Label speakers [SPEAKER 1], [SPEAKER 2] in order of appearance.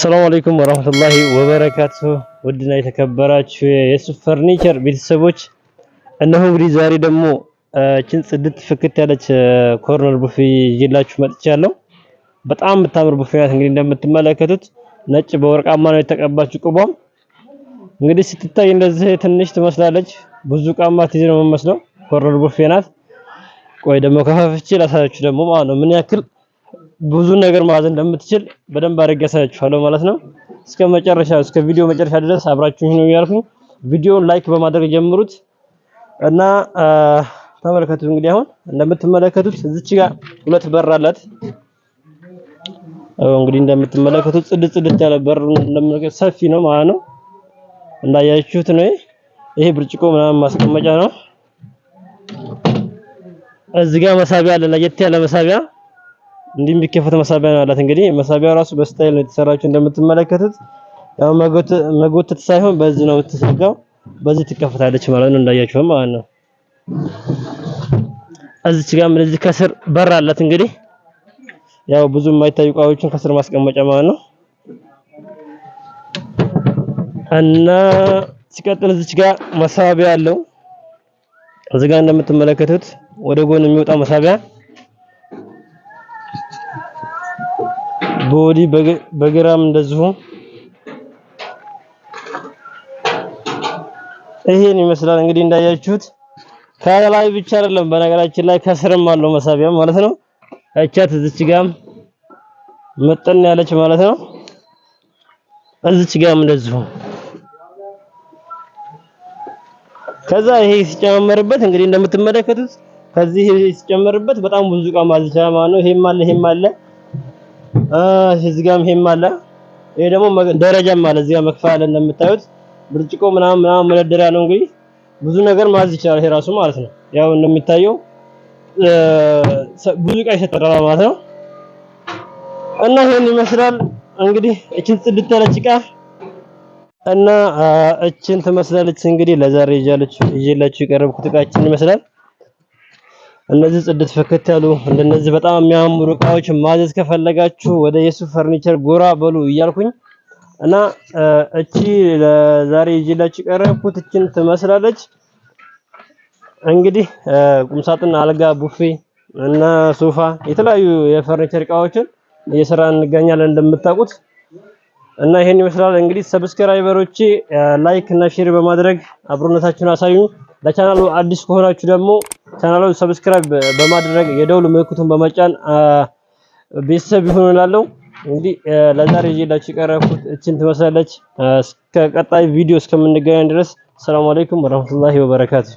[SPEAKER 1] ሰላም አለይኩም ወራህመቱላሂ ወበረካቱ። ውድና የተከበራችሁ የሱፍ ፈርኒቸር ቤተሰቦች እነሆ እንግዲህ ዛሬ ደግሞ ችን ጽድት ፍክት ያለች ኮርነር ቡፌ ይዤላችሁ መጥቻለሁ። በጣም የምታምር ቡፌ ናት። እንግዲህ እንደምትመለከቱት ነጭ በወርቃማ ነው የተቀባችሁ ቁቧም እንግዲህ ስትታይ እንደዚህ ትንሽ ትመስላለች። ብዙ ቃማ ትይዝ ነው የምመስለው። ኮርነር ቡፌ ናት። ቆይ ደግሞ ከፈፍቼ ላሳያችሁ ደግሞ ማለት ነው ምን ያክል ብዙ ነገር ማዘን እንደምትችል በደንብ አድርጌ አሳያችኋለሁ ማለት ነው። እስከ መጨረሻ እስከ ቪዲዮ መጨረሻ ድረስ አብራችሁኝ ነው ያልኩኝ። ቪዲዮውን ላይክ በማድረግ ጀምሩት እና ተመልከቱት። እንግዲህ አሁን እንደምትመለከቱት እዚች ጋር ሁለት በር አላት። እንግዲህ እንደምትመለከቱት ጽድት ጽድት ያለ በር እንደምትመለከቱት ሰፊ ነው ማለት ነው። እንዳያችሁት ነው። ይሄ ብርጭቆ ምናምን ማስቀመጫ ነው። እዚህ ጋር መሳቢያ አለ፣ ለየት ያለ መሳቢያ እንዲህ የሚከፈት መሳቢያ ነው አላት እንግዲህ መሳቢያው ራሱ በስታይል ነው የተሰራችው እንደምትመለከቱት። ያው መጎተት ሳይሆን በዚህ ነው የምትዘጋው፣ በዚህ ትከፈታለች ማለት ነው። እንዳያችሁም ማለት ነው። እዚች ጋር እንደዚህ ከስር በር አላት። እንግዲህ ያው ብዙ የማይታዩ እቃዎችን ከስር ማስቀመጫ ማለት ነው። እና ሲቀጥል እዚች ጋር መሳቢያ አለው። እዚህ ጋር እንደምትመለከቱት ወደ ጎን የሚወጣ መሳቢያ በወዲህ በግራም እንደዚሁ ይሄን ይመስላል እንግዲህ እንዳያችሁት ከላይ ብቻ አይደለም በነገራችን ላይ ከስርም አለው መሳቢያ ማለት ነው። እቻት እዚች ጋም መጠን ያለች ማለት ነው። እዚች ጋም እንደዚሁ ከዛ ይሄ ሲጨመርበት እንግዲህ እንደምትመለከቱት ከዚህ ሲጨመርበት በጣም ብዙ እቃ ማዝቻ ማለት ነው። ይሄም አለ ይሄም አለ። እዚህ ጋር ይሄም አለ። ይሄ ደግሞ ደረጃም አለ። እዚህ ጋር መክፈያ አለ እንደምታዩት ብርጭቆ ምናምን ምናምን መደርደሪያ ነው። እንግዲህ ብዙ ነገር ማዝ ይችላል ይሄ ራሱ ማለት ነው። ያው እንደሚታየው ብዙ እቃ ይሰጠራል ማለት ነው። እና ይሄን ይመስላል እንግዲህ እችን ጽድት ያለች እቃ እና እችን ትመስላለች እንግዲህ ለዛሬ ይዤላችሁ የቀረብኩት እቃችን ይመስላል። እነዚህ ጽድት ፍክት ያሉ እንደነዚህ በጣም የሚያምሩ እቃዎች ማዘዝ ከፈለጋችሁ ወደ የሱፍ ፈርኒቸር ጎራ በሉ እያልኩኝ እና እቺ ለዛሬ ይዤላችሁ ቀረብኩት። እቺን ትመስላለች እንግዲህ ቁምሳጥን፣ አልጋ፣ ቡፌ እና ሶፋ የተለያዩ የፈርኒቸር እቃዎችን እየሰራን እንገኛለን እንደምታውቁት እና ይሄን ይመስላል እንግዲህ። ሰብስክራይበሮቼ ላይክ እና ሼር በማድረግ አብሮነታችሁን አሳዩ። ለቻናሉ አዲስ ከሆናችሁ ደግሞ ቻናሉን ሰብስክራይብ በማድረግ የደውል ምልክቱን በመጫን ቤተሰብ ይሁኑ እላለሁ። እንግዲህ ለዛሬ ይዤላችሁ የቀረብኩት እችን ትመስላለች። እስከ ቀጣይ ቪዲዮ እስከምንገናኝ ድረስ ሰላም አለይኩም ወራህመቱላሂ ወበረካቱ።